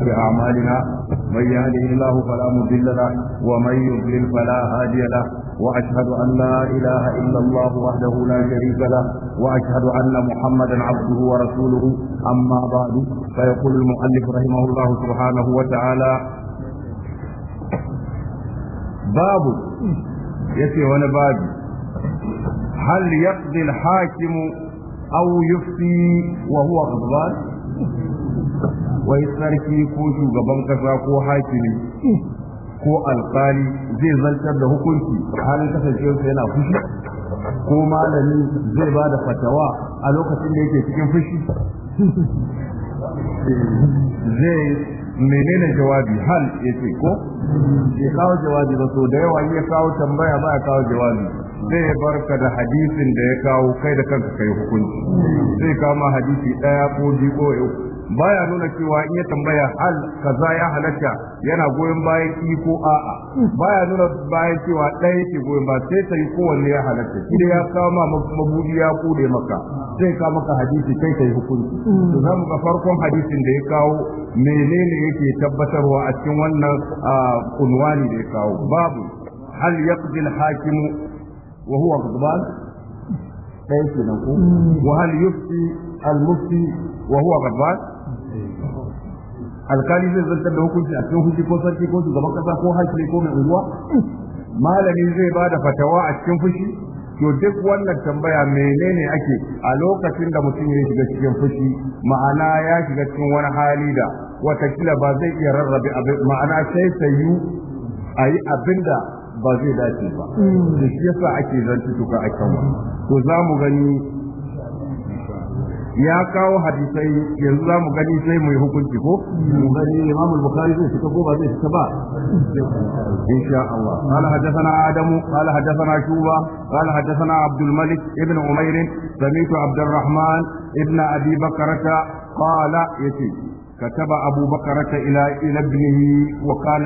بأعمالنا من يهده الله فلا مضل له ومن يضلل فلا هادي له وأشهد أن لا إله إلا الله وحده لا شريك له وأشهد أن محمدا عبده ورسوله أما بعد فيقول المؤلف رحمه الله سبحانه وتعالى باب يسي هنا باب هل يقضي الحاكم أو يفتي وهو غضبان wai sarki ko shugaban kasa ko hakimi ko alkali zai zartar da hukunci halin kasancewarsa yana fushi ko malami zai ba da fatawa a lokacin da yake cikin fushi zai menene jawabi hal ya ce ko ya kawo jawabi ba so da yawa ya kawo tambaya ba ya kawo jawabi zai barka da hadisin da ya kawo kai da kanka kai hukunci zai kama hadisi ɗaya ko biyu ko baya nuna cewa in ya tambaya hal kaza ya halatta yana goyon bayan ki ko a'a baya nuna bayan cewa ɗaya yake goyon ba sai sai yi kowanne ya halatta shi da ya kama mabudi ya kude maka zai ka maka hadisi kai kai hukunci to za mu ga farkon hadisin da ya kawo menene yake tabbatarwa a cikin wannan kunwani da ya kawo babu hal yaqdi al-hakim wa huwa ghadban kenan ko hmm. wa hal yufti al-mufti wa huwa alkali zai zartar da hukunci a cikin fushi ko sarki ko shugaban kasa ko hakimi ko mai unguwa malami zai ba da fatawa a cikin fushi to duk wannan tambaya menene ake a lokacin da mutum ya shiga cikin fushi ma'ana ya shiga cikin wani hali da watakila ba zai iya rarrabe abin ma'ana sai sayu a yi abin da ba zai dace ba da mm. shi yasa ake zanci tuka a kan to za mu gani ya kawo hadisai yanzu za mu gani sai mu yi hukunci ko mu gani imam al-bukhari zai fita ko ba zai fita ba insha Allah qala hadathana adam qala hadathana shuba qala hadathana abdul malik ibn umair sami'tu abdurrahman ibn abi bakrata qala yati كتب أبو بكرة إلى إلى ابنه وكان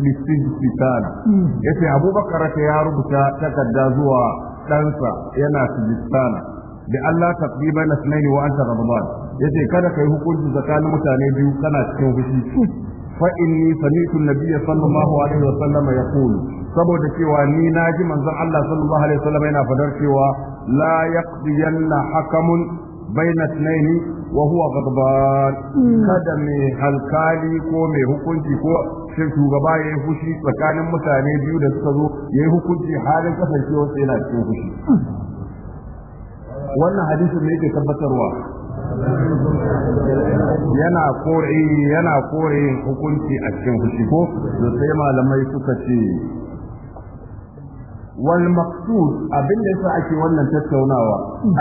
بالسجن فتانا. يتي أبو بكرة يا رب تكدى زوا ɗansa yana sujistana da Allah taqdi bayna sunaini wa anta ramadan yace kada kai hukunci tsakanin mutane biyu kana cikin fushi fa inni sami'tu an-nabiyya sallallahu alaihi wa sallam yaqulu saboda cewa ni naji manzon Allah sallallahu alaihi wa sallam yana fadar cewa la yaqdiyanna hakamun بين wa وهو غضبان kada mai alkali ko mai hukunci ko shi shugaba ya yi fushi tsakanin mutane biyu da suka zo ya yi hukunci halin kasancewa sai yana cikin fushi wannan hadisin ne yake tabbatarwa yana kore yana kore hukunci a cikin fushi ko da sai malamai suka ce wal maqsud abin da yasa ake wannan tattaunawa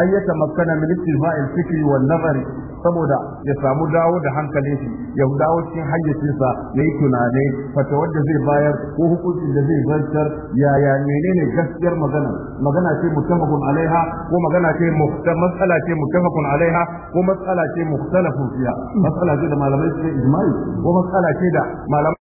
ayyata makana min istifa'il fikri wan nazari saboda ya samu dawo da hankalin shi ya dawo cikin hayyacinsa ya yi tunanai fata wadda zai bayar ko hukuncin da zai zantar yaya menene gaskiyar magana magana ce mutamakun alaiha ko magana ce matsala ce mutafakun alaiha ko matsala ce mukhtalafun fiya matsala ce da malamai suke ijma'i ko matsala ce da malamai